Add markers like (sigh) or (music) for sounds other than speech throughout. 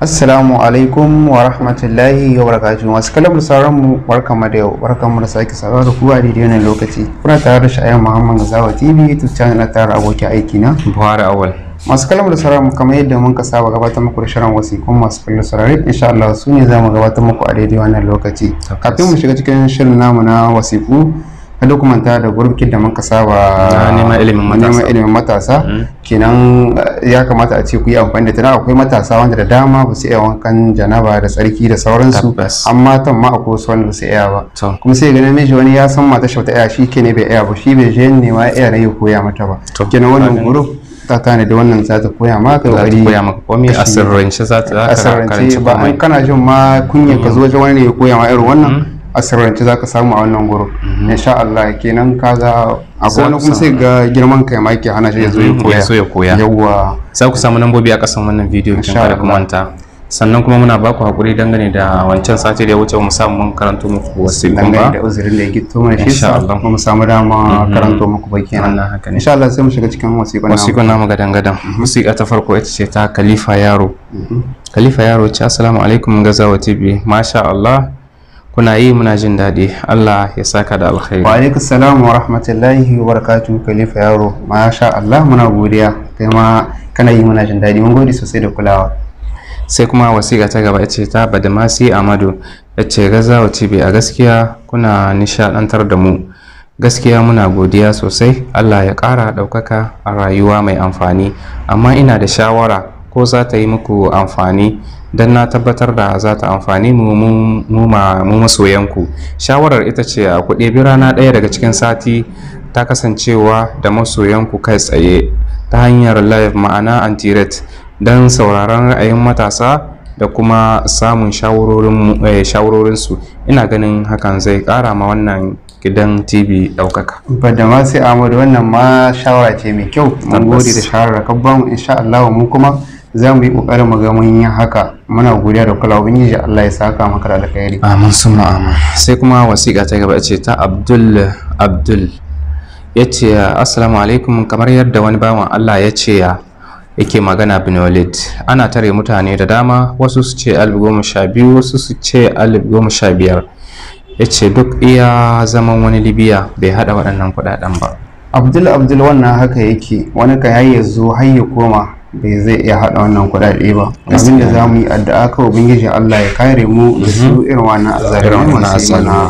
Assalamu alaikum wa rahmatullahi wa barakatu masu kalamar sauran mu barkamu da yau barkamu da sake saduwa da kuwa da wannan lokaci kuna tare da sha'ayin Muhammad Gazawa TV YouTube channel na tare aboki aiki na Buhari Awal masu kalamar sauran mu kamar yadda mun ka saba gabatar muku da shirin wasikun masu kallon in insha Allah su ne za mu gabatar muku a daidai wannan lokaci kafin mu shiga cikin shirin namu na wasiku a ku da gurbin da muka saba neman ilimin matasa mm. kenan eh, ya kamata a ce ku yi amfani da tana akwai matasa wanda da dama ba su iya wankan janaba da tsarki da sauransu amma tan ma akwai wasu wanda ba su iya ba kuma sai ga namiji wani ya san mata shauta iya shi ke ne bai iya ba shi bai je ne ma iya ne koya mata ba kenan wannan gurub ta tana da wannan za ta koya ma ka gari koya maka komai a sirrance za ta karanci ba kana jin ma kunya ka mm. zo wajen wani ne ya koya ma irin wannan mm. asirance ka samu a wannan gurin mhm. insha Allah kenan kaga akwai wani kuma sai ga girman kai ma ke hana shi ya zo ya koya mhm, ya koya yawa za ku samu lambobi a kasan wannan bidiyo kin kada kuma manta sannan kuma muna baku hakuri dangane da wancan sati da ya wuce mu samu mun karanto muku wasu ba ba da uzurin da ya gito mai shi sa Allah mu samu dama mhm. karanto muku ba kenan haka ne insha Allah sai mu shiga cikin wasiƙon namu wasiƙon namu gadan gadan wasiƙa ta farko ita ce ta Khalifa Yaro Khalifa Yaro ce assalamu alaikum gazawa TV masha Allah kuna yi muna jin daɗi Allah ya saka da alkhairi wa alaikum salam wa rahmatullahi wa barakatuh khalifa yaro sha Allah muna godiya kai ma kana yi muna jin daɗi mun gode sosai da kulawa sai kuma wasiƙa ta gaba ce ta Badamasi Amadu ce gaza wa cibi a gaskiya kuna nishadantar da mu gaskiya muna godiya sosai Allah ya ƙara ɗaukaka a rayuwa mai amfani amma ina da shawara ko za ta yi muku amfani don na tabbatar da za ta amfani mu masoyanku shawarar ita ce a kuɗe birana ɗaya daga cikin sati ta kasancewa da masoyanku kai tsaye ta hanyar live ma'ana antiret don sauraron ra'ayin matasa da kuma samun eh, shawarorinsu ina ganin hakan zai ƙara ma wannan gidan tv ɗaukaka. da ma sai amadu wannan ma shawara ce mai kyau mun da shawarar ka bamu insha mu kuma za mu yi ƙoƙarin mu ga mun yi haka muna godiya da kula ubangiji Allah ya saka maka da alkhairi amin summa amin sai kuma wasiƙa ta gaba ce ta Abdul Abdul yace assalamu alaikum kamar yadda wani bawan Allah ya ce ya yake magana bin Walid ana tare mutane da dama wasu su ce alif goma sha biyu wasu su ce alif goma sha biyar yace duk iya zaman wani libiya bai hada waɗannan kuɗaɗen ba Abdul Abdul wannan haka yake wani kan ya zo har ya koma bai zai iya haɗa wannan kuɗaɗe ba abin da za mu yi addu'a ka ubangiji Allah ya kare mu da su mhm. irin wannan azarin na mana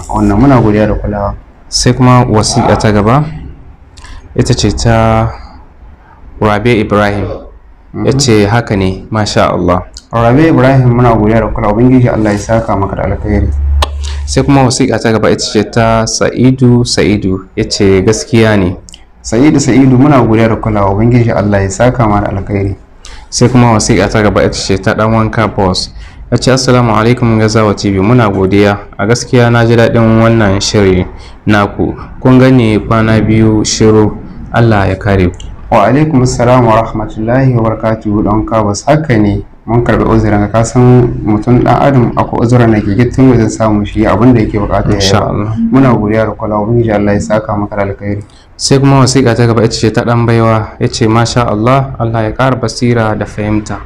wannan muna godiya da kulawa sai kuma wasiƙa ta gaba ita ce ta rabe ibrahim mhm. ya ce haka ne masha Allah rabe ibrahim muna godiya da kulawa ubangiji Allah ya saka maka da alkhairi sai kuma wasiƙa ta gaba ita ce ta sa'idu sa'idu ya ce gaskiya ne sa'idu sa'idu muna godiya da kulawa ubangiji allah ya saka mana alkhairi sai kuma wasiƙa ta gaba ita ce ta dan wanka boss ya ce assalamu alaikum gazawa tv muna godiya a gaskiya na ji daɗin wannan shiri naku kun gane kwana biyu shiru allah ya kare ku wa alaikum assalamu wa rahmatullahi wa barakatuhu dan kabas haka ne mun karbi uzurin ka san mutum dan adam akwai uzurin da ke gittin wajen samu shi abin da yake bukata ya yi muna godiya da mun ubangiji Allah ya saka maka da alkhairi sai kuma wasiƙa ta gaba ita ce ta dan baiwa yace masha Allah Allah ya ƙara basira da fahimta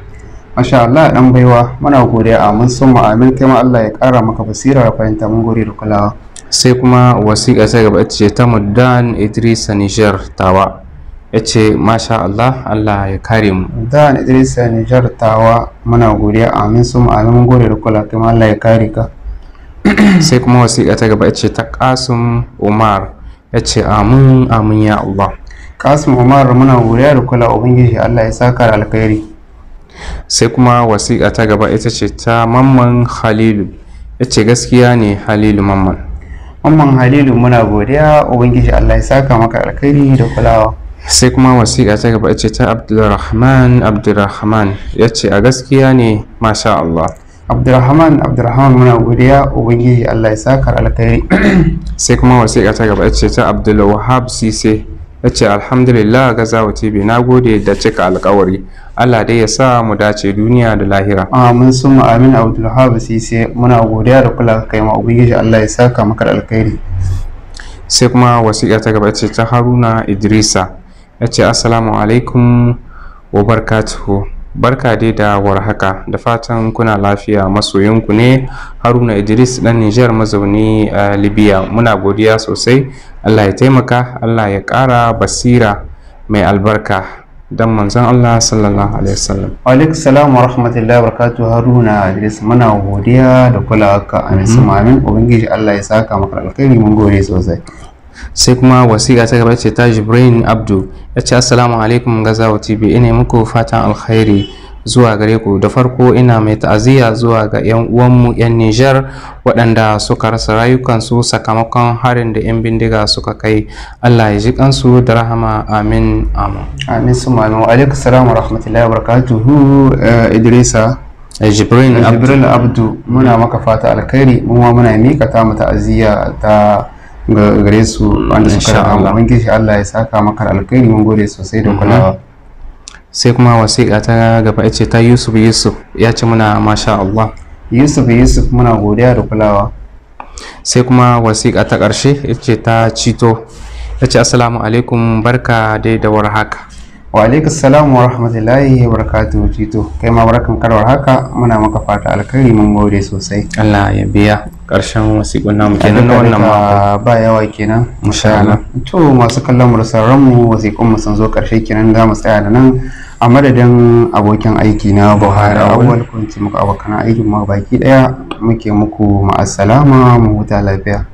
masha Allah dan baiwa muna godiya a mun mu amin kai ma Allah ya ƙara maka basira da fahimta mun gode da kulawa sai kuma wasiƙa ta gaba ita ce ta Muddan Idris Niger Tawa ya ce masha Allah Allah ya kare mu da Idrisa ne jartawa muna godiya amin su ma'ana gore da kula kuma Allah ya kare ka (clears throat) sai kuma wasiƙa ta gaba ya ce ta Qasim Umar ya ce amin amin ya Allah Qasim Umar muna godiya da kula ubangiji Allah ya saka da alkhairi sai kuma wasiƙa ta gaba ita ce ta Mamman Halilu ya ce gaskiya ne Halilu Mamman Mamman Halilu muna godiya ubangiji Allah ya saka maka alkhairi da kulawa sai kuma wasiƙa ta gaba ce ta abdulrahman abdulrahman ya ce a gaskiya ne masha Allah abdulrahman abdulrahman muna godiya ubangiji Allah ya sakar alkhairi (clears throat) sai kuma wasiƙa ta gaba ce ta abdulwahab sise ya ce alhamdulillah gazawa tv na gode da cika alkawari Allah dai ya sa mu dace duniya da lahira amin sun amin abdulwahab sise muna godiya da kula kai ma ubangiji Allah ya saka maka alkhairi sai kuma wasiƙa ta gaba ce ta haruna idrisa ya ce assalamu alaikum wa barkatuhu barka dai da warhaka da fatan kuna lafiya masoyinku ne haruna idris dan nijar mazauni a libya muna godiya sosai allah ya taimaka allah ya kara basira mai albarka dan manzon allah sallallahu alaihi wasallam alaikum salam wa rahmatullahi wa barakatuh haruna idris muna godiya da kula ka nisa mamin ubangiji allah ya saka maka alkhairi mun gode sosai sai kuma wasiƙa ta gaba ce ta jibrin abdu ya ce assalamu alaikum gazawa tv ina muku fatan alkhairi zuwa gare ku da farko ina mai ta'aziyya zuwa ga 'yan uwanmu 'yan Nijar waɗanda suka rasa rayukansu sakamakon harin da 'yan bindiga suka kai Allah ya ji kansu da rahama amin amin amin su malu alaikum salam wa rahmatullahi wa barakatuhu eh, Idrisa eh, eh, Jibrin Abdu muna maka fata alkhairi mu ma muna mika ta mu ta'aziyya ta gare su wanda suka rama ubangiji Allah ya saka maka alkhairi mun gode sosai da mhm. kulawa sai kuma wasiƙa ta gaba ce ta Yusuf Yusuf ya ce muna masha Allah Yusuf Yusuf muna godiya da kulawa sai kuma wasiƙa ta ƙarshe ce ta Cito ya ce assalamu alaikum barka dai da war haka. wa salam wa rahmatullahi wa barakatuhu Cito kai ma barkan karwar haka muna maka fata alkhairi mun gode sosai Allah ya biya karshen wasiƙun namu kenan na wannan ma. ba yawa kenan insha Allah to masu kallon mu da sauran mu wasiƙun mu sun zo karshe kenan za mu tsaya da nan a madadin abokin aiki na Buhari awwal kun ci muku abokan aikin mu baki daya muke muku ma'assalama mu huta lafiya